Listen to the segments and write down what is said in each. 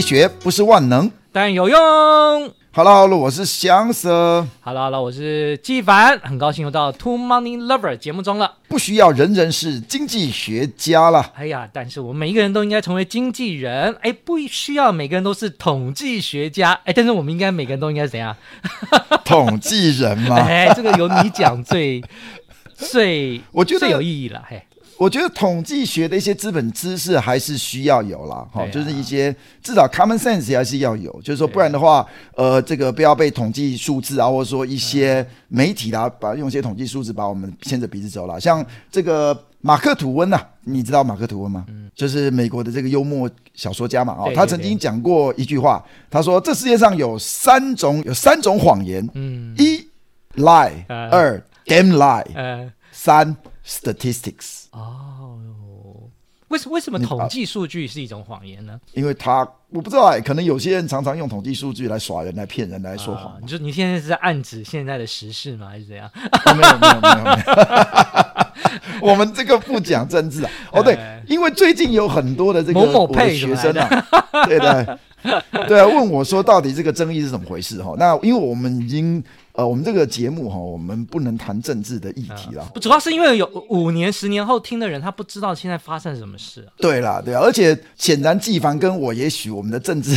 學不是萬能，但有用。Hello，Hello，我是翔 Sir。Hello，Hello，我是紀凡。很高興又到《Two Money Lovers》節目中了。不需要人人是經濟學家了。哎呀，但是我們每一個人都應該成為經濟人。哎，不需要每個人都是統計學家。哎，但是我們應該每個人都應該怎樣？統計人嘛。哎，這個由你講最 最我覺得最有意義了。嘿、哎。我覺得統計學的一些基本知識還是需要有啦，哈，就是一些至少 common sense 還是要有，就是說不然的話，呃，這個不要被統計數字啊，或者說一些媒體啦，把用一些統計數字把我們牽着鼻子走了。像這個馬克吐溫吶，你知道馬克吐溫嗎？就是美國的這個幽默小說家嘛，哦，他曾經講過一句話，他說這世界上有三種有三種謊言，嗯，一 lie、嗯、二 damn lie、嗯、三。Statistics 哦，為什麼為什麼統計數據是一種謊言呢、啊？因為他我不知道哎、欸，可能有些人常常用統計數據來耍人、來騙人、來說謊、啊。你說你現在是在暗指現在的時事嗎？還是怎樣？沒有沒有沒有沒有，我們這個不講政治啊。 哦對，因為最近有很多的這個某某配學生啊，某某的 對對對、啊，問我說到底這個爭議是怎麼回事、啊？哈，那因為我們已經。呃，我們這個節目哈，我們不能談政治的議題了。嗯、不主要是因為有五年、十年後聽的人，他不知道現在發生什麼事、啊。對啦，對啊，而且顯然紀凡跟我，也許我們的政治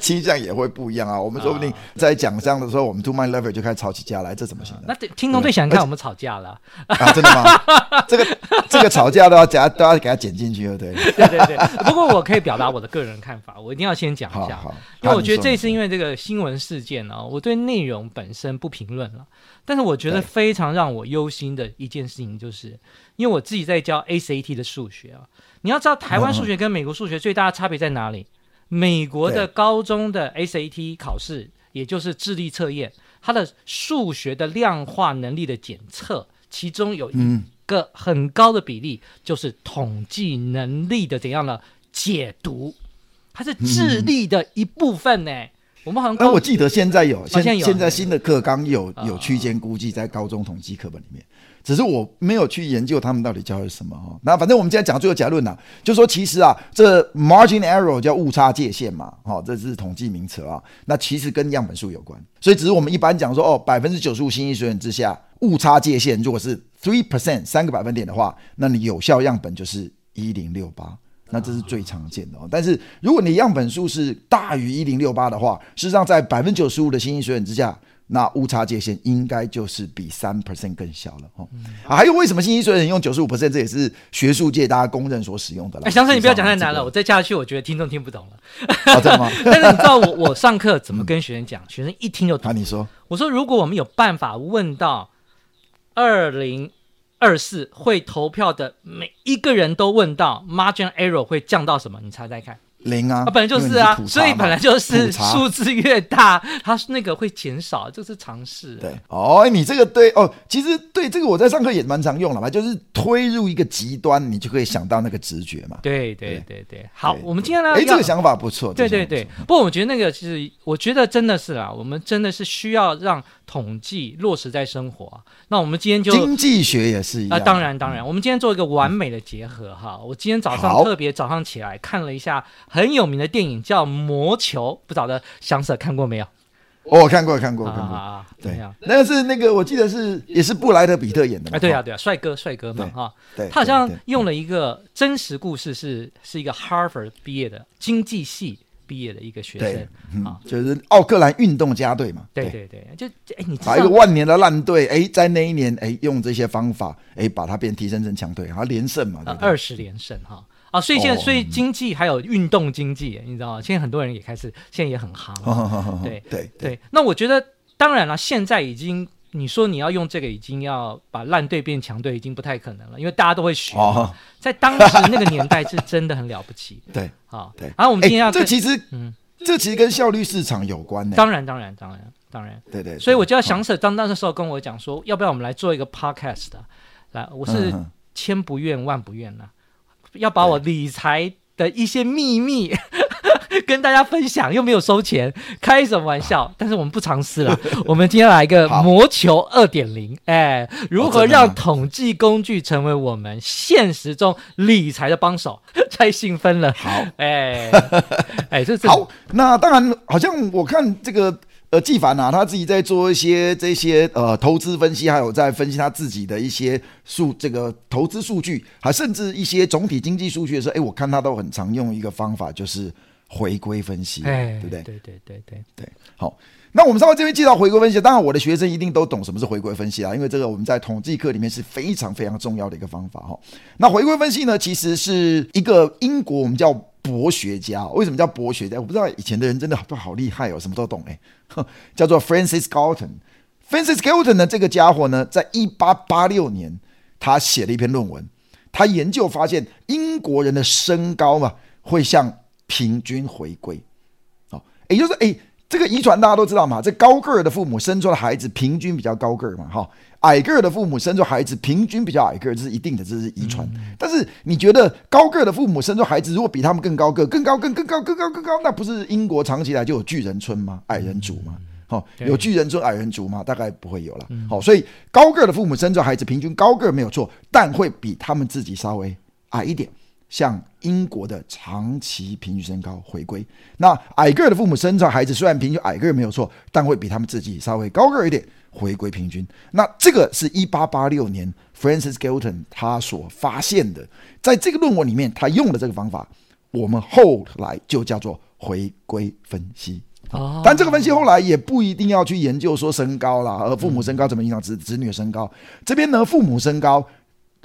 傾 向也會不一樣啊。我們說不定在講這樣的時候，我們 Two Money Lovers 就開始吵起架來，這怎麼行呢？那聽眾最想看我們吵架了啊？真的嗎？ 這個這個吵架都要都要給他剪進去，對不對？ 對，對，對，不過我可以表達我的個人看法， 我一定要先講一下，好好因為我覺得這次因為這個新聞事件呢、哦，我對內容本身不平評論了，但是我覺得非常讓我憂心的一件事情，就是對因為我自己在教 SAT 的數學啊。你要知道，台灣數學跟美國數學最大的差別在哪裡？美國的高中的 SAT 考試，對也就是智力測驗，它的數學的量化能力的檢測，其中有一個很高的比例，嗯、就是統計能力的怎樣的解讀，它是智力的一部分呢、欸。嗯 啊、我們好像……但我記得現在有，現在有先現在新的課綱有、嗯、有區間估計在高中統計課本裡面，嗯、只是我沒有去研究他們到底教的什麼哈。那、哦嗯、反正我們今天講最後結論呢，就說其實啊，這 margin error 叫誤差界限嘛，哈、哦，這是統計名詞啊。那其實跟樣本數有關，所以只是我們一般講說哦，百分之九十五信心水準之下，誤差界限如果是 three percent 三個百分點的話，那你有效樣本就是一零六八。那這是最常見的、哦，哦、但是如果你樣本數是大於一零六八的話，事實上在百分之九十五的信心水準之下，那誤差界限應該就是比三 percent 更小了。哦，嗯、啊，還有為什麼信心水準用九十五 percent 這也是學術界大家公認所使用的啦。哎、欸，翔 sir，你不要講太難了，了我再講下去，我覺得聽眾聽不懂了。好、 啊，真的嗎？ 但是你知道我我上課怎麼跟學生講？嗯、學生一聽就懂。啊，你說？我說如果我們有辦法問到二零。二是會投票的每一個人都問到，margin error 會降到什麼？你猜猜看。零啊，啊本來就是啊，是所以本來就是數字越大，它叉那個會減少，這是常識、欸。對，哦、欸，你這個對哦，其實對這個我在上課也蠻常用的嘛，就是推入一個極端，你就可以想到那個直覺嘛。對對對對，好，對我們今天來。哎、欸，這個想法不錯。這個、不對對對，不過我覺得那個其實，我覺得真的是啊，我們真的是需要讓。統計落實在生活，那我們今天就經濟學也是一樣。啊、呃，當然當然，嗯、我們今天做一個完美的結合哈。嗯、我今天早上特別早上起來看了一下很有名的電影叫《魔球》，不曉得翔 Sir 看過沒有？哦，看過看過看過啊，對呀。那個是那個我記得是也是布萊德彼特演的，哎、啊、對呀、啊、對呀、啊，帥哥帥哥嘛對哈。他好像用了一個真實故事是，是、嗯、是一個哈佛畢業的經濟系。畢業的一個學生、嗯、啊，就是奧克蘭運動家隊嘛，對對對，就、欸、你把一個萬年的爛隊，誒、欸，在那一年，誒、欸，用這些方法，誒、欸，把它變提升成強隊，然後連勝嘛，對對啊，二十連勝哈、啊，啊，所以現在、哦、所以經濟還有運動經濟，你知道嗎？現在很多人也開始，現在也很夯，哦、對，對對對。那我覺得，當然了，現在已經。你說你要用這個，已經要把爛隊變強隊，已經不太可能了，因為大家都會學。在當時那個年代是真的很了不起。對，好，對。然後我們今天要這其實，嗯，這其實跟效率市場有關呢。當然，當然，當然，當然。對對。所以我就要想說當當的時候跟我講說，要不要我們來做一個 podcast？來，我是千不願萬不願呢，要把我理財的一些秘密。跟大家分享又沒有收錢，開什麼玩笑？啊、但是我們不嘗試了。呵呵我們今天來一個魔球二點零，哎、欸，如何讓統計工具成為我們現實中理財的幫手？哦、太興奮了。好，哎、欸，哎、 欸，這是好。那當然，好像我看這個呃，紀凡啊，他自己在做一些這些呃投資分析，還有在分析他自己的一些數這個投資數據，還甚至一些總體經濟數據的時候，哎、欸，我看他都很常用一個方法，就是。回歸分析，欸欸對不對？對對對對對，好。那我們稍微這邊介紹回歸分析。當然，我的學生一定都懂什麼是回歸分析啦、啊，因為這個我們在統計課裡面是非常非常重要的一個方法哈。那回歸分析呢，其實是一個英國我們叫博學家，為什麼叫博學家？我不知道以前的人真的都好厲害哦，什麼都懂哎、欸，叫做 Francis Galton。Francis Galton 的，這個傢伙呢，在一八八六年，他寫了一篇論文，他研究發現英國人的身高嘛會像。平均回歸，哦，也就是誒，這個遺傳大家都知道嘛，這高個兒的父母生出的孩子平均比較高個兒嘛，哈，矮個兒的父母生出孩子平均比較矮個兒，這是一定的，這是遺傳。嗯、但是你覺得高個兒的父母生出孩子如果比他們更高個、更高、更更高、更高、更高，那不是英國長期以來就有巨人村嗎？矮人族嘛，好、嗯，有巨人村、矮人族嘛，大概不會有了。好、嗯，所以高個兒的父母生出孩子平均高個兒沒有錯，但會比他們自己稍微矮一點。向英國的長期平均身高回歸。那矮個的父母生出孩子，雖然平均矮個沒有錯，但會比他們自己稍微高個一點，回歸平均。那這個是一八八六年 Francis Galton 他所發現的，在這個論文裡面，他用的這個方法，我們後來就叫做回歸分析。Oh，但這個分析後來也不一定要去研究說身高啦，而父母身高怎麼影響子子女的身高？這邊呢，父母身高，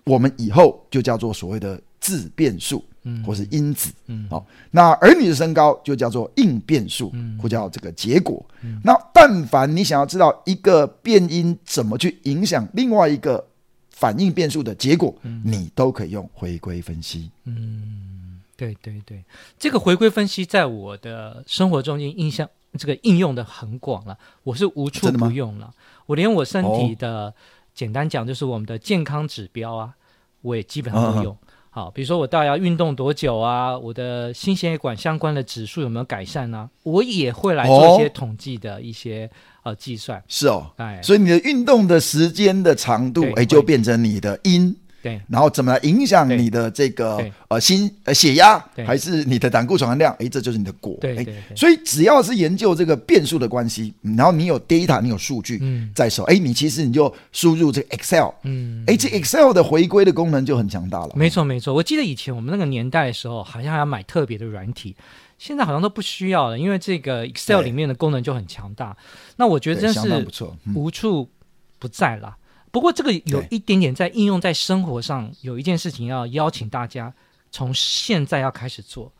我們以後就叫做所謂的。自變數，嗯，或是因子，嗯，好、嗯哦，那兒女的身高就叫做應變數，嗯，或叫這個結果。嗯嗯、那但凡你想要知道一個變因怎麼去影響另外一個反應變數的結果，嗯、你都可以用回歸分析。嗯，對對對，這個回歸分析在我的生活中間印象這個應用的很廣了、啊，我是無處不用了。我連我身體的，哦、簡單講就是我們的健康指標啊，我也基本上都用。啊啊好，比如說我到底要運動多久啊？我的心血管相關的指數有沒有改善呢、啊？我也會來做一些統計的一些、哦、呃計算。是哦，哎，所以你的運動的時間的長度，哎對，就變成你的因。對，然後怎麼來影響你的這個呃心呃血壓，對還是你的膽固醇含量？哎，這就是你的果。對，對，對誒，所以只要是研究這個變數的關係，然後你有 data，你有數據在手，哎、嗯，你其實你就輸入這個 Excel，嗯，哎，這 Excel 的回歸的功能就很強大了。沒錯沒錯，我記得以前我們那個年代的時候，好像還要買特別的軟體，現在好像都不需要了，因為這個 Excel 裡面的功能就很強大。對那我覺得真是不錯，無處不在了。不過這個有一點點在應用在生活上，有一件事情要邀請大家從現在要開始做，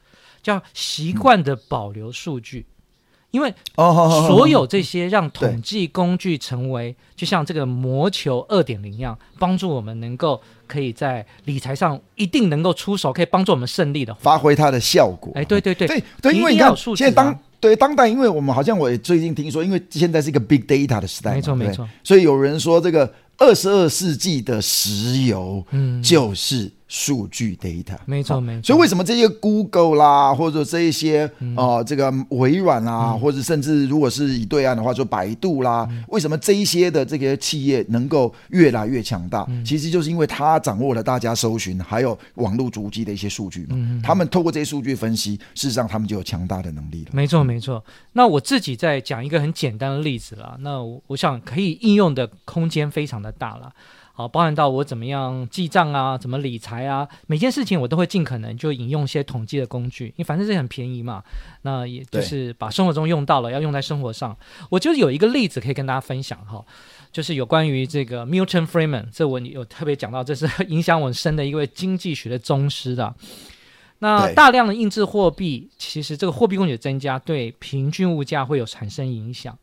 叫習慣的保留數據，嗯、因為哦，所有這些讓統計工具成為就像這個魔球二點零一樣，幫助我們能夠可以在理財上一定能夠出手，可以幫助我們勝利的發揮它的效果。哎，對對對，對，因為要數據、啊。當對當代，因為我們好像我也最近聽說，因為現在是一個 big data 的時代沒，沒錯沒錯，所以有人說這個。二十二世紀的石油 ata, 嗯，嗯，就是數據 data，沒錯沒錯。啊、沒錯，所以為什麼這些 Google 啦，或者這一些啊、嗯呃，這個微軟啦，嗯、或者，甚至如果是以對岸的話，說百度啦，嗯、為什麼這一些的這些企業能夠越來越強大？嗯、其實就是因為它掌握了大家搜尋還有網絡足跡的一些數據嘛。他、嗯嗯、們透過這些數據分析，事實上他們就有強大的能力了。沒錯沒錯。那我自己在講一個很簡單的例子啦，那我想可以應用的空間非常的大了，好，包含到我怎麼樣記賬啊，怎麼理財啊，每件事情我都會盡可能就引用一些統計的工具，因為反正這很便宜嘛，那也就是把生活中用到了，對要用在生活上。我就是有一個例子可以跟大家分享哈，就是有關於這個 Milton Friedman 這我有特別講到，這是影響我深的一位經濟學的宗師的。那大量的印製貨幣，其實這個貨幣供給增加，對平均物價會有產生影響。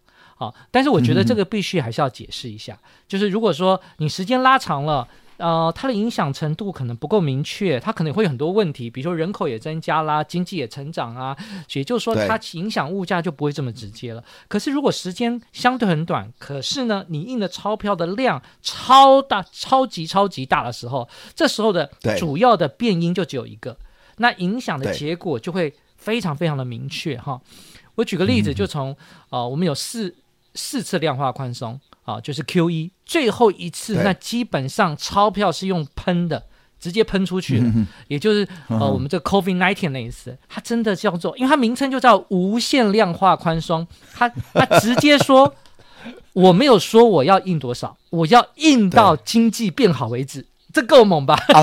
好，但是我覺得這個必須還是要解釋一下，嗯、哼就是如果說你時間拉長了，呃，它的影響程度可能不夠明確，它可能會有很多問題，比如說人口也增加啦，啊，經濟也成長啊，也就是說它影響物價就不會這麼直接了。對可是如果時間相對很短，可是呢，你印的鈔票的量超大，超級超級大的時候，這時候的主要的變因就只有一個，對那影響的結果就會非常非常的明確哈。對我舉個例子，嗯、哼就從啊、呃，我們有四。四次量化寬鬆啊，就是 QE 最後一次，那基本上鈔票是用噴的，對直接噴出去的。嗯、哼也就是呃，嗯、哼我們這 COVID-19 那一次，它真的叫做，因為它名稱就叫無限量化寬鬆，它它直接說， 我沒有說我要印多少，我要印到經濟變好為止，對這夠猛吧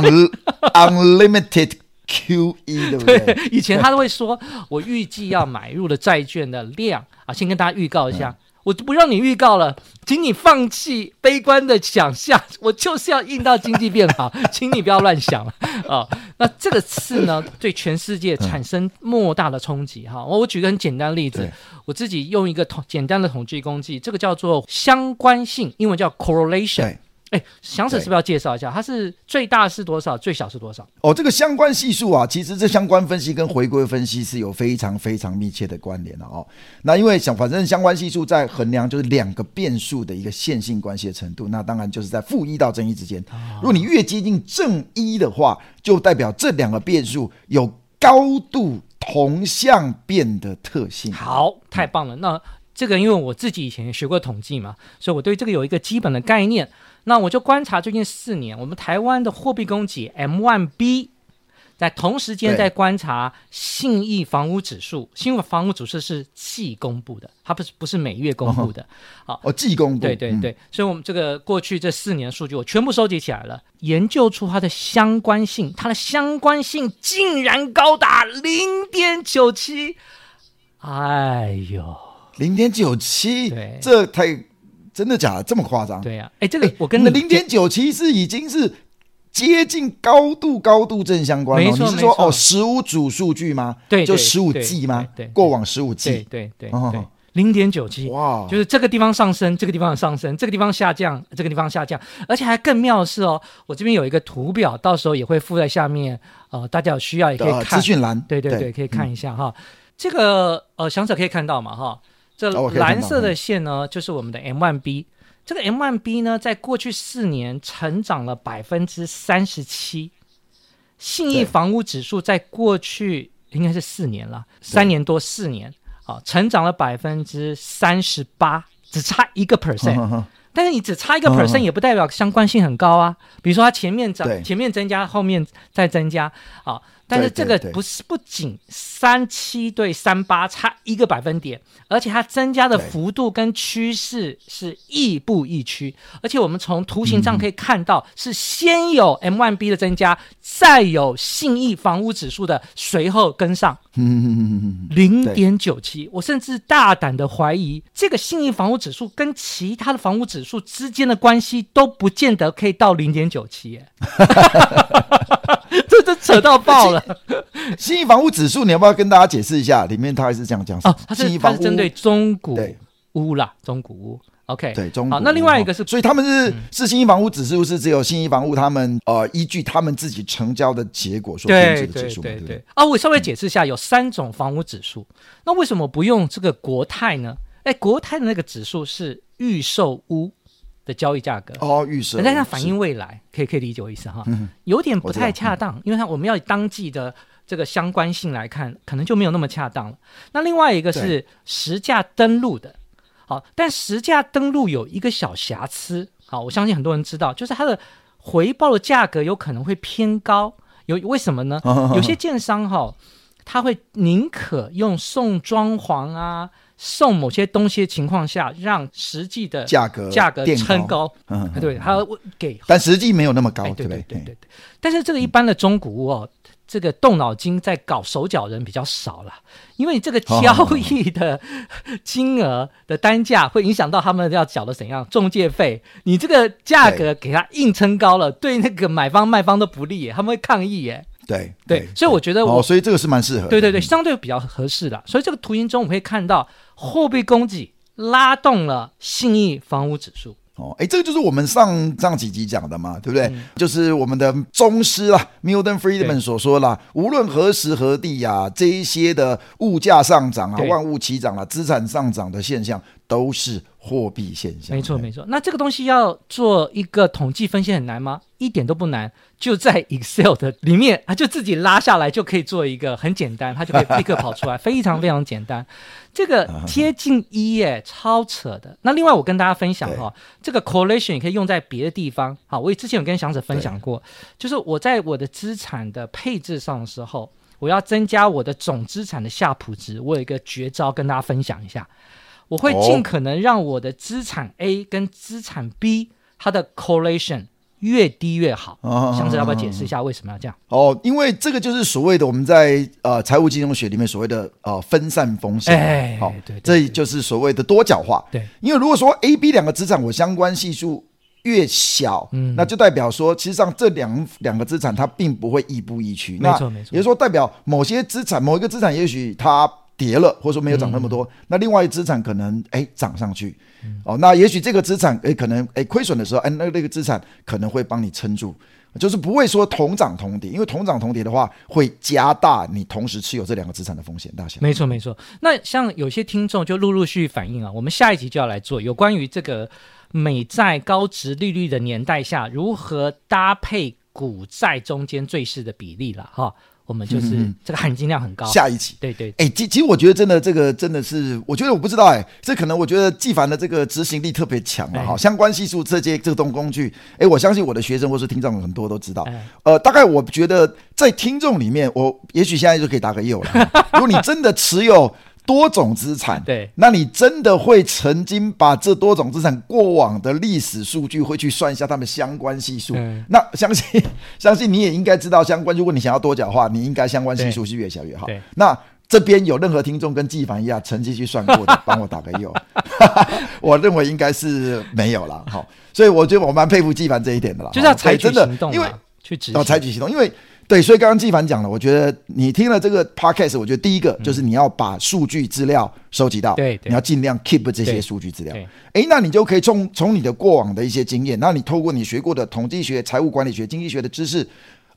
？Unlimited QE 對不對？對，以前他都會說 我預計要買入的債券的量啊，先跟大家預告一下。嗯我就不讓你預告了，請你放棄悲觀的想象，我就是要硬到經濟變好， 請你不要亂想了啊、哦！那這個事呢，對全世界產生莫大的衝擊哈、哦。我舉個很簡單的例子，對我自己用一個統簡單的統計工具，這個叫做相關性，英文叫 correlation。哎，翔 Sir 是不是要介紹一下？對它，是最大是多少？最小是多少？哦，這個相關係數啊，其實這相關分析跟回歸分析是有非常非常密切的關聯的哦。那因為想反正相關係數在衡量就是兩個變數的一個線性關係的程度，那當然就是在負一到正一之間。哦、如果你越接近正一的話，就代表這兩個變數有高度同向變的特性。好，太棒了。嗯、那這個因為我自己以前也學過統計嘛，所以我對這個有一個基本的概念。那我就觀察最近四年，我們台灣的貨幣供給 M1B，在同時間在觀察信義房屋指數。信對義房屋指數是季公布的，它不是不是每月公布的。哦，啊，哦，季公布。對對對，嗯，所以我們這個過去這四年數據我全部收集起來了，研究出它的相關性，它的相關性竟然高達零點九七。哎呦，零點九七，這太。真的假的這麼誇張？對呀，哎，這裡我跟你的零點九七是已經是接近高度高度正相關了。你是說哦十五組數據嗎？對，就十五季嗎？對，過往十五季，對對對，零點九七。哇，就是這個地方上升，這個地方上升，這個地方下降，這個地方下降，而且還更妙的是哦，我這邊有一個圖表，到時候也會附在下面，呃，大家有需要也可以看資訊欄，對對對，可以看一下哈。這個呃，想者可以看到嘛哈。這藍色的線呢，okay, 就是我們的 M1B。okay. 這個 M1B 呢，在過去四年成長了百分之三十七。信義房屋指數在過去應該是四年了，對三年多四年啊，成長了百分之三十八，只差一個 percent。 但是你只差一個 percent，也不代表相關性很高啊。比如說，它前面漲，對前面增加，後面再增加，啊。但是這個不是不僅三七對三八差一個百分點，而且它增加的幅度跟趨勢是亦步亦趨。而且我們從圖形上可以看到，是先有 M1B 的增加，再有信義房屋指數的隨後跟上，嗯零點九七。我甚至大膽的懷疑，這個信義房屋指數跟其他的房屋指數之間的關係都不見得可以到零點九七耶。這這扯到爆了。信、信義房屋指數，你要不要跟大家解釋一下？裡面他還是這樣講哦，它是它針對中古屋啦，對中古屋。OK，對中古屋好，那另外一個是，哦、所以他們是是信義房屋指數是只有信義房屋，他們呃依據他們自己成交的結果所編製的指數對。對對對，對、嗯、啊，我稍微解釋一下，有三種房屋指數，那為什麼不用這個國泰呢？哎，國泰的那個指數是預售屋。的交易價格哦，預示，在它反映未來，示可以可以理解我意思、嗯、哈，有點不太恰當，嗯、因為它我們要以當季的這個相關性來看，可能就沒有那麼恰當了。那另外一個是實價登錄的，好對，但實價登錄有一個小瑕疵，好，我相信很多人知道，就是它的回報的價格有可能會偏高，有為什麼呢？ 有些建商哈，他會寧可用送裝潢啊。送某些東西的情況下，讓實際的價格價格撐高，嗯，對，他給，但實際沒有那麼高，對對對對。但是這個一般的中古屋，這個動腦筋在搞手腳人比較少了，因為這個交易的金額的單價會影響到他們要繳的怎樣仲介費。你這個價格給他硬撐高了，對那個買方賣方都不利，他們會抗議耶。對對，所以我覺得，哦，所以這個是蠻適合，對對對，相對比較合適的。所以這個圖形中我們可以看到。貨幣供給拉動了信義房屋指數。哦，哎，這個就是我們上上幾集講的嘛，對不對？嗯、就是我們的宗師啦，Milton Friedman 所說啦，對無論何時何地呀、啊，這一些的物價上漲啊，對萬物齊漲啊，資產上漲的現象都是貨幣現象，沒錯沒錯。那這個東西要做一個統計分析很難嗎？一點都不難，就在 Excel 的裡面它就自己拉下來就可以做一個，很簡單，它就可以立刻跑出來， 非常非常簡單。 這個貼近一耶， 超扯的。那另外我跟大家分享哈、哦，對這個 correlation 也可以用在別的地方。好，我也之前有跟翔子分享過，對就是我在我的資產的配置上的時候，我要增加我的總資產的夏普值，我有一個絕招跟大家分享一下。我會盡可能讓我的資產 A 跟資產 B 它的 correlation 越低越好，翔子要不要解釋一下為什麼要這樣？哦，因為這個就是所謂的我們在呃財務金融學裡面所謂的呃分散風險，好、哎哦，對，這就是所謂的多角化。對，對，因為如果說 A、B 兩個資產我相關係數越小，嗯，那就代表說其實上這兩兩個資產它並不會亦步亦趨沒，沒錯沒錯。也就是說代表某些資產某一個資產也許它。跌了，或者說沒有漲那麼多，嗯、那另外一個資產可能誒漲上去，嗯、哦，那也許這個資產誒可能誒虧損的時候，哎那那個資產可能會幫你撐住，就是不會說同漲同跌，因為同漲同跌的話會加大你同時持有這兩個資產的風險大小。沒錯沒錯，那像有些聽眾就陸陸續續反映啊，我們下一集就要來做有關於這個美債高殖利率的年代下如何搭配股債中間最適的比例了、啊、哈。哦我們就是這個含金量很高。嗯、下一期，對對,對、欸，哎，其其實我覺得真的這個真的是，我覺得我不知道、欸，哎，這可能我覺得紀凡的這個執行力特別強了哈。欸、相關係數這些這種工具，哎、欸，我相信我的學生或是聽眾很多都知道。欸、呃，大概我覺得在聽眾裡面，我也許現在就可以打個業了。 如果你真的持有。多種資產，對，那你真的會曾經把這多種資產過往的歷史數據會去算一下它們相關係數？嗯、那相信相信你也應該知道相關。如果你想要多角化，你應該相關係數是越小越好。那這邊有任何聽眾跟紀凡一樣，曾經去算過的，幫我打個六。 我認為應該是沒有了。好， 所以我覺得我蠻佩服紀凡這一點的啦，就是要採取行動，因為要採取行動，因為。對，所以剛剛紀凡講了，我覺得你聽了這個 podcast，我覺得第一個就是你要把數據資料收集到，嗯、對，對你要盡量 keep 這些數據資料。誒，那你就可以從從你的過往的一些經驗，那你透過你學過的統計學、財務管理學、經濟學的知識，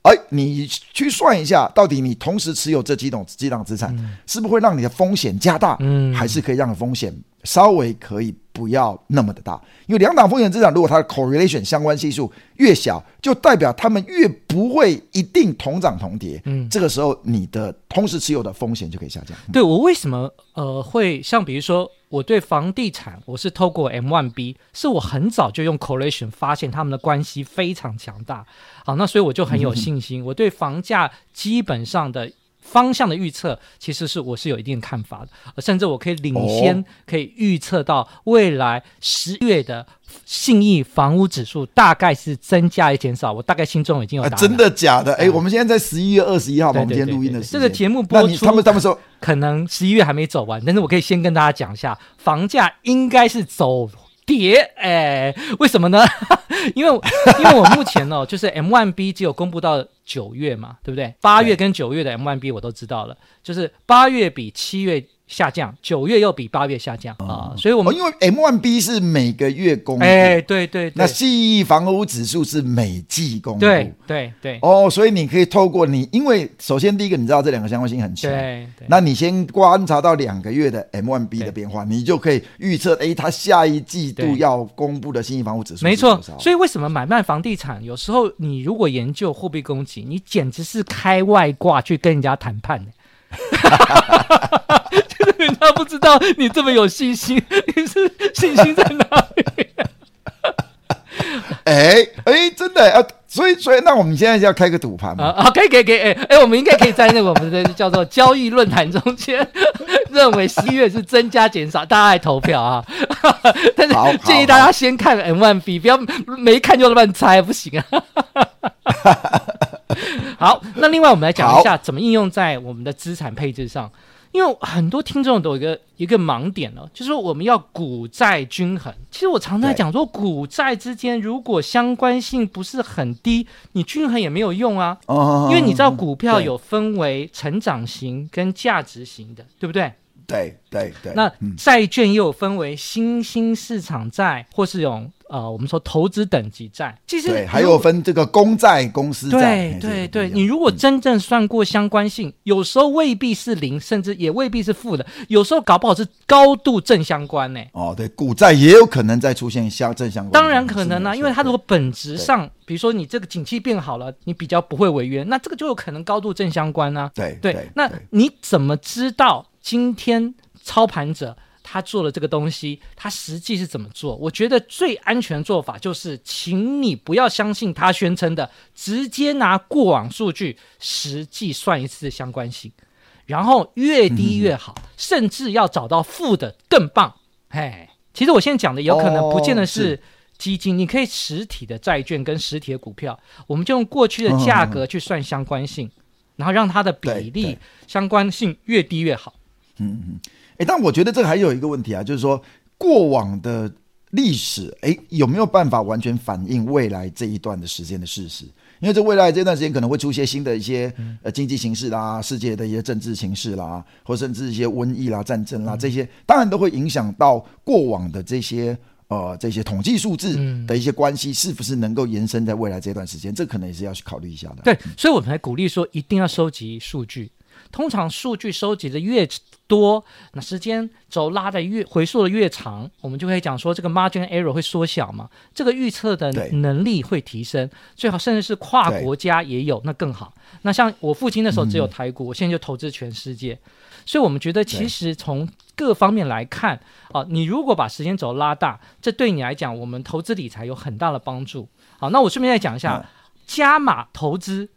誒，你去算一下，到底你同時持有這幾種幾檔資產，是不是會讓你的風險加大？嗯，還是可以讓風險稍微可以。不要那麼的大，因為兩檔風險資產，如果它的 correlation 相關係數越小，就代表他們越不會一定同漲同跌。嗯，這個時候你的同時持有的風險就可以下降。對、嗯、我為什麼呃會像比如說我對房地產，我是透過 M1B，是我很早就用 correlation 發現他們的關係非常強大。好，那所以我就很有信心，嗯、哼、我對房價基本上的。方向的預測其實是我是有一定看法的，甚至我可以領先，可以預測到未來十月的信義房屋指數大概是增加還是減少，我大概心中已經有答案、啊。真的假的？哎、欸，我們現在在十一月二十一號我們今天錄音的時候，這個節目播出，他們他們說可能十一月還沒走完，但是我可以先跟大家講一下，房價應該是走。跌，哎，為什麼呢？因為，因為我目前呢、哦， 就是 M1B 只有公布到九月嘛，對不對？八月跟九月的 M1B 我都知道了，對就是八月比七月。下降，九月又比八月下降啊，嗯哦、所以我們、哦、因為 M 1 B 是每個月公布，哎，對對，對，那信義房屋指數是每季公布，對對對，哦，所以你可以透過你，因為首先第一個你知道這兩個相關性很強，對，那你先觀察到兩個月的 M 1 B 的變化，對你就可以預測，哎，它下一季度要公布的信義房屋指數，沒錯。所以為什麼買賣房地產有時候你如果研究貨幣供給，你簡直是開外掛去跟人家談判 他不知道你這麼有信心，你是信心在哪裡，啊？哎哎， 欸欸，真的啊，欸！所以所以，那我們現在就要開個賭盤嘛？可以可以可以。哎、啊 okay, okay, okay, 欸，我們應該可以在那個我們的叫做交易論壇中間，認為七月是增加減少， 大家還投票啊。但是建議大家先看 M1B，不要沒看就亂猜，不行啊。 好，那另外我們來講一下怎麼應用在我們的資產配置上。因為很多聽眾都有一個有一個盲點呢、哦，就是說我們要股債均衡。其實我常常講說，對股債之間如果相關性不是很低，你均衡也沒有用啊。Oh, 因為你知道股票有分為成長型跟價值型的，對，對不對？對對對。對對，那債券又有分為新興市場債或是用。啊、呃，我們說投資等級債，其實對還有分這個公債、公司債。對，對對對，較你如果真正算過相關性，嗯、有時候未必是零，甚至也未必是負的，有時候搞不好是高度正相關呢、欸。哦，對，股債也有可能再出現相正相關，當然可能呢、啊，是因為它如果本質上，對比如說你這個景氣變好了，你比較不會違約，那這個就有可能高度正相關呢、啊。對對，對對那你怎麼知道今天操盤者？他做了這個東西，他實際是怎麼做？我覺得最安全的做法就是，請你不要相信他宣稱的，直接拿過往數據實際算一次相關性，然後越低越好，嗯、哼甚至要找到負的更棒。哎，其實我現在講的有可能不見得是，哦、是基金，你可以實體的債券跟實體的股票，我們就用過去的價格去算相關性，嗯、哼然後讓它的比例相關性越低越好。嗯嗯。但我覺得這還有一個問題啊，就是說過往的歷史，誒，有沒有辦法完全反映未來這一段的時間的事實？因為這未來這段時間可能會出現新的一些、嗯呃、經濟形勢啦，世界的一些政治形勢啦，或甚至一些瘟疫啦、戰爭啦、嗯、這些，當然都會影響到過往的這些呃這些統計數字的一些關係，是不是能夠延伸在未來這段時間？嗯、這可能也是要去考慮一下的。對，嗯、所以我們還鼓勵說，一定要收集數據。通常數據收集的越多，那時間軸拉的越回溯的越長，我們就會講說，這個 margin error 會縮小嘛，這個預測的能力會提升，對最好甚至是跨國家也有，對那更好。那像我父親那時候只有台股，嗯、我現在就投資全世界，所以我們覺得其實從各方面來看，對啊，你如果把時間軸拉大，這對你來講，我們投資理財有很大的幫助。好，那我順便再講一下、嗯、加碼投資。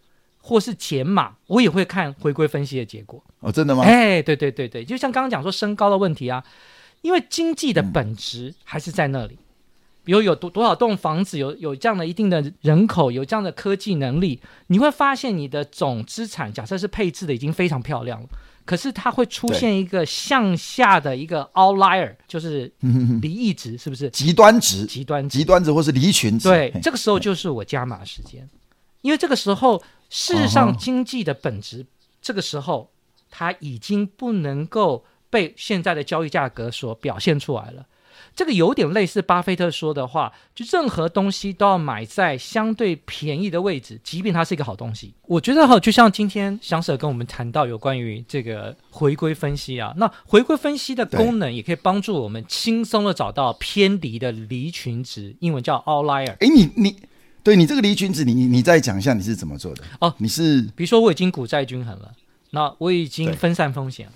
或是減碼，我也會看回歸分析的結果。哦，真的嗎？誒、哎，對對對對，就像剛剛講說身高的問題啊，因為經濟的本質還是在那裡。嗯、比如有多多少棟房子，有有這樣的一定的人口，有這樣的科技能力，你會發現你的總資產，假設是配置的已經非常漂亮了。可是它會出現一個向下的一個 outlier，對就是離異值，嗯、呵呵是不是極端值？極端極端值，極端值或是離群值？對，嘿嘿這個時候就是我加碼時間，因為這個時候。事實上，經濟的本質，哦哦，這個時候它已經不能夠被現在的交易價格所表現出來了。這個有點類似巴菲特說的話，就任何東西都要買在相對便宜的位置，即便它是一個好東西。我覺得哈，就像今天翔師跟我們談到有關於這個回歸分析啊，那回歸分析的功能也可以幫助我們輕鬆的找到偏離的離群值，對英文叫 outlier。誒，你你。對你這個離群子，你你再講一下你是怎麼做的哦？你是比如說我已經股債均衡了，那我已經分散風險了，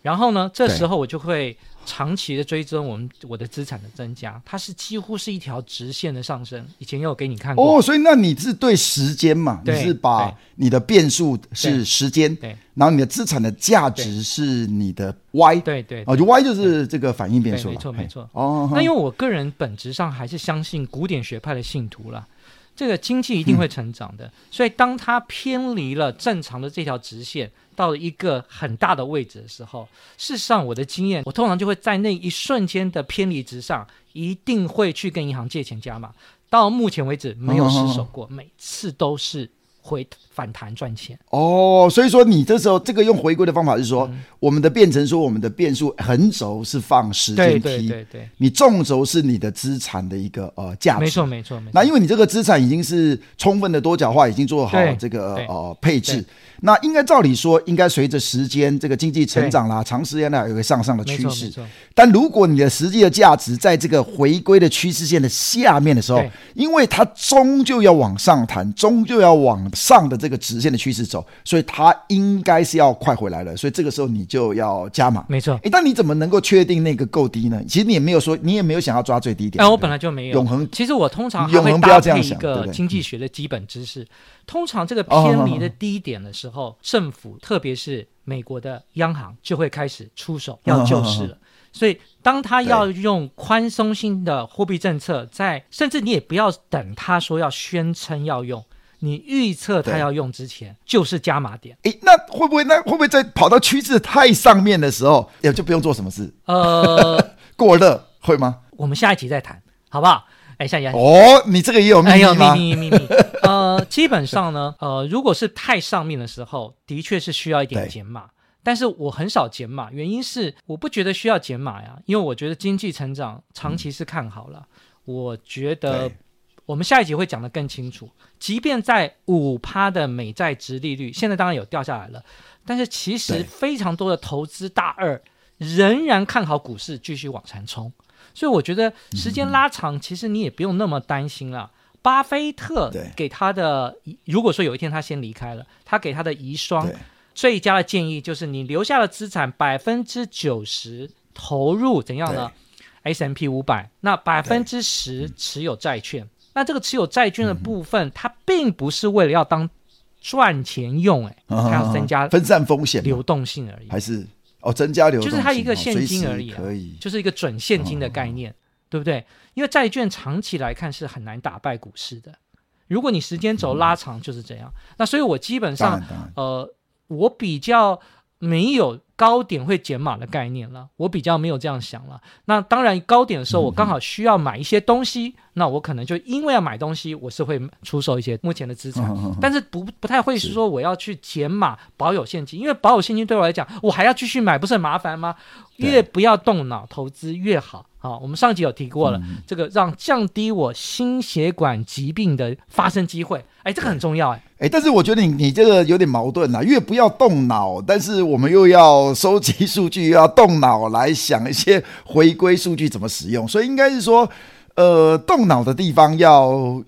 然後呢，這時候我就會長期的追蹤我們我的資產的增加，它是幾乎是一條直線的上升。以前也有給你看過哦，所以那你是對時間嘛？你是把你的變數是時間，然後你的資產的價值是你的 Y，對對，哦，就 Y 就是這個反應變數沒錯沒錯。哦，那因為我個人本質上還是相信古典學派的信徒啦。這個經濟一定會成長的，嗯，所以當它偏離了正常的這條直線，到一個很大的位置的時候，事實上我的經驗，我通常就會在那一瞬間的偏離值上，一定會去跟銀行借錢加碼。到目前為止沒有失手過，哦哦哦，每次都是。回反彈賺錢哦，oh, 所以說你這時候這個用回歸的方法，就是說、嗯、我們的變成說我們的變數橫軸是放時間 T，對對對，對你縱軸是你的資產的一個呃價值，沒錯沒錯沒錯。那因為你這個資產已經是充分的多角化，已經做好這個對 呃配置，對 那應該照理說應該隨着時間這個經濟成長啦，對 長時間呢有個向上的趨勢。沒錯沒錯，但如果你的實際的價值在這個回歸的趨勢線的下面的時候，對 因為它終究要往上彈，終究要往。上的這個直線的趨勢走，所以它應該是要快回來了，所以這個時候你就要加碼。沒錯錯、欸，但你怎麼能夠確定那個夠低呢？其實你也沒有說，你也沒有想要抓最低點。但、欸、對我本來就沒有永恆。其實我通常還會永恆不要這樣想，搭配一個經濟學的基本知識，通常這個偏離的低點的時候，嗯、政府特別是美國的央行就會開始出手要救市了。所以，當他要用寬鬆性的貨幣政策，對在甚至你也不要等他說要宣稱要用。你預測它要用之前對，就是加碼點。誒，那會不會，那會不會在跑到趨勢太上面的時候，也就不用做什麼事？呃，過熱會嗎？我們下一集再談，好不好？哎，下一集哦，你這個也有秘密嗎？哎、呦秘密秘秘密。呃，基本上呢，呃，如果是太上面的時候，的確是需要一點減碼。對但是我很少減碼，原因是我不覺得需要減碼呀，因為我覺得經濟成長長,長期是看好了，嗯、我覺得。我們下一集會講得更清楚。即便在五趴的美債殖利率，現在當然有掉下來了，但是其實非常多的投資大鱷，對仍然看好股市，繼續往前衝。所以我覺得時間拉長，嗯嗯，其實你也不用那麼擔心了。巴菲特給他的，對如果說有一天他先離開了，他給他的遺孀對最佳的建議就是：你留下的資產百分之九十投入怎樣呢？S& 對 P 五百，那百分之十持有債券。那這個持有債券的部分，嗯、哼它並不是為了要當賺錢用、欸，哎、嗯哼，它要增加分散風險、流動性而已，啊啊啊還是哦增加流動性。就是它一個現金而已、啊，哦、是就是一個準現金的概念，嗯、哼對不對？因為債券長期來看是很難打敗股市的，嗯、哼如果你時間軸拉長就是這樣。嗯、哼那所以我基本上，呃，我比較沒有。高點會減碼的概念了，我比較沒有這樣想了。那當然高點的時候，我剛好需要買一些東西，嗯嗯那我可能就因為要買東西，我是會出售一些目前的資產，嗯嗯嗯但是不不太會是說我要去減碼保有現金，是因為保有現金對我來講，我還要繼續買，不是很麻煩嗎？對越不要動腦投資越好。好、哦，我們上集有提過了，嗯、這個讓降低我心血管疾病的發生機會，哎、欸，這個很重要、欸，哎，誒，但是我覺得你你這個有點矛盾吶，越不要動腦，但是我們又要。收集數據要動腦來想一些回歸數據怎麼使用，所以應該是說，呃，動腦的地方要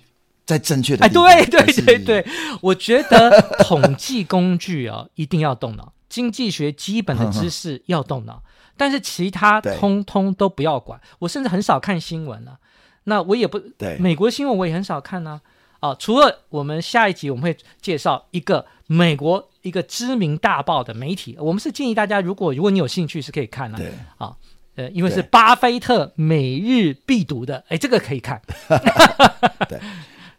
在正確的、哎。對對對對，對對對 我覺得統計工具啊、哦、一定要動腦，經濟學基本的知識要動腦，嗯、哼但是其他通通都不要管。對我甚至很少看新聞了、啊，那我也不對美國新聞我也很少看呢、啊。啊、哦，除了我們下一集我們會介紹一個美國，一個知名大報的媒體，我們是建議大家，如果如果你有興趣，是可以看的啊。對，啊，呃，因為是巴菲特每日必讀的，哎對，這個可以看。 對。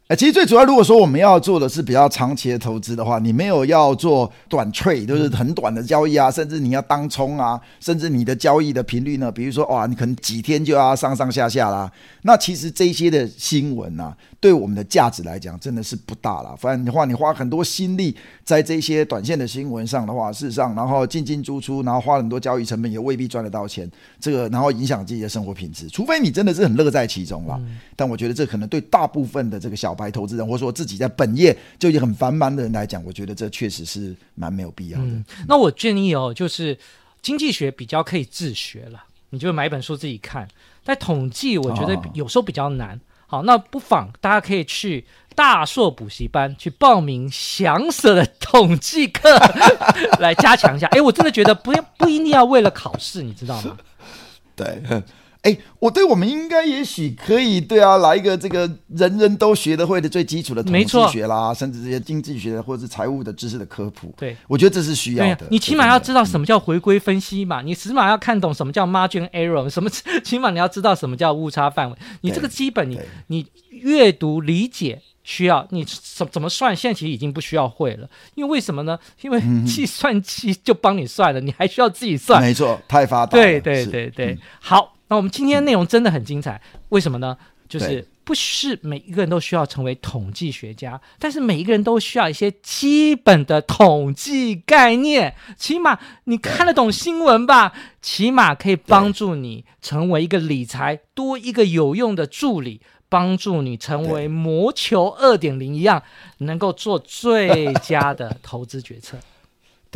哎，其實最主要，如果說我們要做的是比較長期的投資的話，你沒有要做短 trade，就是很短的交易啊，甚至你要當沖啊，甚至你的交易的頻率呢，比如說哇、哦，你可能幾天就要上上下下啦。那其實這些的新聞啊，對我們的價值來講，真的是不大了。不然的話，你花很多心力在這些短線的新聞上的話，事實上，然後進進出出，然後花很多交易成本，也未必賺得到錢。這個然後影響自己的生活品質，除非你真的是很樂在其中啦。嗯、但我覺得這可能對大部分的這個小。白投資人，或者說自己在本業就已經很繁忙的人來講，我覺得這確實是蠻沒有必要的，嗯。那我建議哦，就是經濟學比較可以自學了，你就買一本書自己看。但統計我覺得有時候比較難，哦、好，那不妨大家可以去大碩補習班去報名翔 sir 的統計課 來加強一下。哎、欸，我真的覺得不要不一定要為了考試，你知道嗎？ 對。哎、欸，我對我們應該也許可以對啊，來一個這個人人都學得會的最基礎的統計學啦，錯甚至這些經濟學的或者是財務的知識的科普。對，我覺得這是需要的。對對對，你起碼要知道什麼叫回歸分析嘛，嗯、你起碼要看懂什麼叫 margin error，什麼起碼你要知道什麼叫誤差範圍。你這個基本你，對你你閱讀理解需要你怎怎麼算？現在其實已經不需要會了，因為為什麼呢？因為計算機就幫你算了，嗯、哼你還需要自己算？沒錯，太發達了。對對對對，嗯、好。那我們今天的內容真的很精彩，嗯，為什麼呢？就是不是每一個人都需要成為統計學家，對但是每一個人都需要一些基本的統計概念。起碼你看得懂新聞吧？對起碼可以幫助你成為一個理財多一個有用的助理，幫助你成為魔球2.0一樣，對能夠做最佳的投資決策。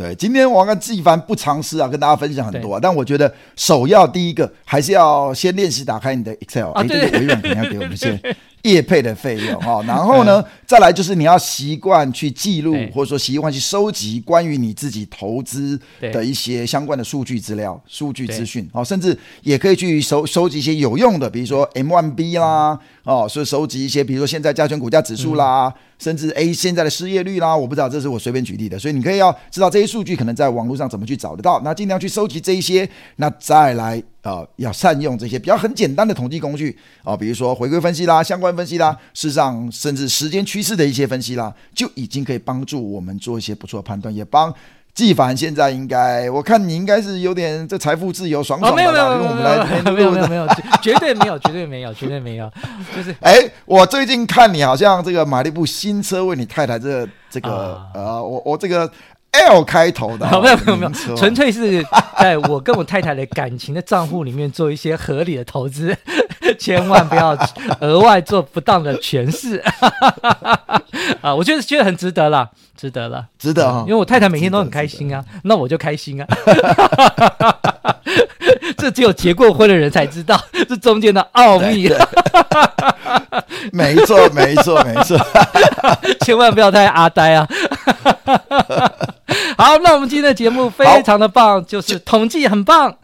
對，今天我己紀凡不嘗試啊，跟大家分享很多。啊，對但我覺得首要第一個還是要先練習打開你的 Excel，哎、啊，這個微軟等一下要給我們先。 業配的費用哈，然後呢， 嗯、再來就是你要習慣去記錄，對或者說習慣去收集關於你自己投資的一些相關的數據資料，數對據資訊哦，對甚至也可以去收收集一些有用的，比如說 M1B 啦，嗯、哦，所以收集一些，比如說現在加權股價指數啦，嗯、甚至 A、欸、現在的失業率啦，我不知道這是我隨便舉例的，所以你可以要知道這些數據可能在網絡上怎麼去找得到，那盡量去收集這一些，那再來。啊、呃，要善用這些比較很簡單的統計工具啊、呃，比如說回歸分析啦、相關分析啦、事實上甚至時間趨勢的一些分析啦，就已經可以幫助我們做一些不錯的判斷，也幫紀凡現在應該，我看你應該是有點這財富自由爽爽的。沒有、哦、沒有，我們來沒有沒有，沒有，沒有，沒有，絕對沒有， 絕對沒有，絕對沒有。就是誒，我最近看你好像這個買了一部新車，為你太太這這個呃，呃，我我這個。L 開頭的，哦，好，沒有沒有沒有，純 粹是在我跟我太太的感情的賬戶裡面做一些合理的投資。 千萬不要額外做不當的詮釋啊！我覺得覺得很值得了，值得了，值得啊！因為我太太每天都很開心啊，那我就開心啊！這只有結過婚的人才知道這中間的奧秘了。沒錯，沒錯，沒錯！千萬不要太阿呆啊！好，那我們今天的節目非常的棒，就是統計很棒。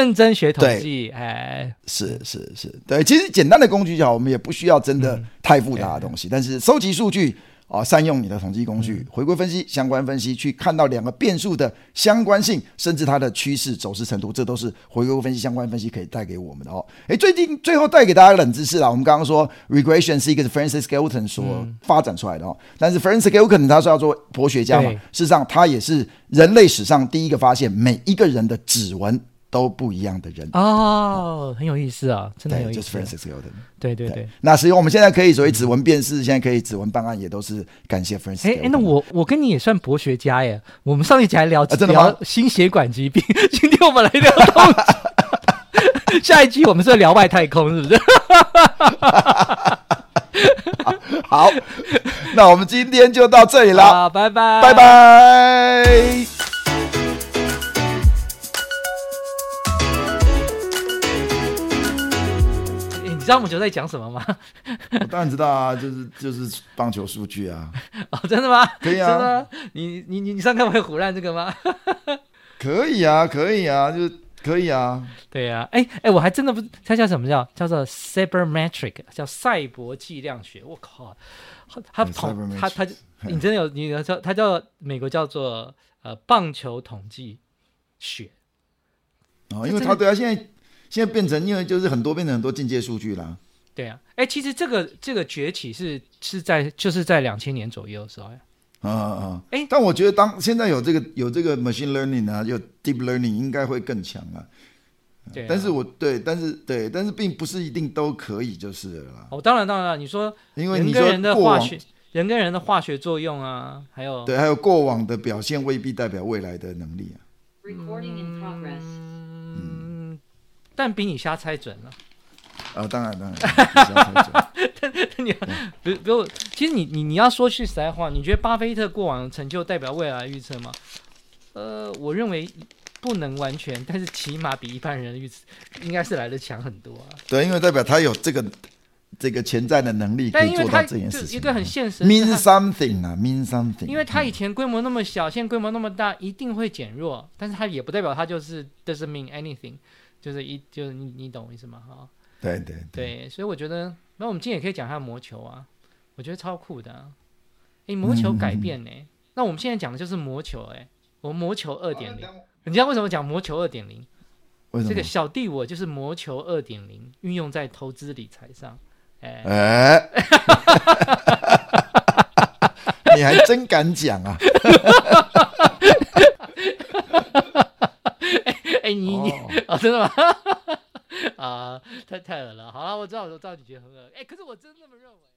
認真學統計，對哎，是是是，對，其實簡單的工具就好，我們也不需要真的太複雜的東西。嗯、但是收集數據啊、呃，善用你的統計工具，嗯、回歸分析、相關分析，去看到兩個變數的相關性，甚至它的趨勢、走勢程度，這都是回歸分析、相關分析可以帶給我們的哦。哎、欸，最近最後帶給大家冷知識啦，我們剛剛說 regression 是一個是 Francis Galton 所發展出來的哦。嗯、但是 Francis Galton 他是要做博學家嘛？嗯、事實上，他也是人類史上第一個發現每一個人的指紋。都不一樣的人哦，對嗯、很有意思啊，真的很有意思、啊。就是 Francis Galton 對對對。對，那所以我們現在可以所謂指紋辨識，嗯、現在可以指紋辦案，也都是感謝 Francis。哎、欸欸，那我我跟你也算博學家耶？我們上一集還聊個、啊、心血管疾病，今天我們來聊 下一集，我們是要聊外太空是不是 好？好，那我們今天就到這裡了，拜拜，拜拜。拜拜你知道母球在講什麼嗎？我當然知道啊，就是就是棒球數據啊。 哦，真的嗎？可以啊。真的，你你你你上課會唬爛這個嗎？ 可以啊，可以啊，就是可以啊。對啊。哎哎，我還真的不，它叫什麼叫叫做 Cybermetric，叫賽博計量學。我靠，它統 hey, ics, 它就你真的有？你叫它叫美國叫做呃棒球統計學。哦，因為它對啊，現在。現在變成，因為就是很多變成很多進階數據了、啊。對啊，哎、欸，其實這個這個崛起是是在就是在兩千年左右的時候呀。啊啊，哎，但我覺得當現在有這個有這個 machine learning 啊，有 deep learning，應該會更強啊。對，啊對。但是我對，但是對，但是並不是一定都可以就是了啦。哦，當然當然，當然，你說因為人跟人的化學，人跟人的化學作用啊，還有對，還有過往的表現未必代表未來的能力啊。嗯但比你瞎猜準了、啊，哦當然當然 對，其實你你你要說句實在話，你覺得巴菲特過往的成就代表未來預測嗎？呃，我認為不能完全，但是起碼比一般人預測應該是來的強很多、啊。對，對，因為代表他有這個這個潛在的能力可以做到這件事，一個很現實的。Mean something 啊，mean something。因為他以前規模那麼小，現在規模那麼大，一定會減弱，嗯、但是他也不代表他就是 doesn't mean anything。就是一就是你你懂我意思嗎？哈，對對對，對，所以我覺得，那我們今天也可以講一下魔球啊，我覺得超酷的啊。哎，魔球改變呢，嗯嗯，那我們現在講的就是魔球，哎，我魔球二點零，啊、你知道為什麼講魔球二點零？這個小弟我就是魔球二點零，運用在投資理財上，哎，誒 你還真敢講啊！ 哎，你你啊、Oh. 哦，真的嗎？ 啊，太太狠了。好了，我知道我知道你覺得很惡。哎，可是我真的那麼認為、啊。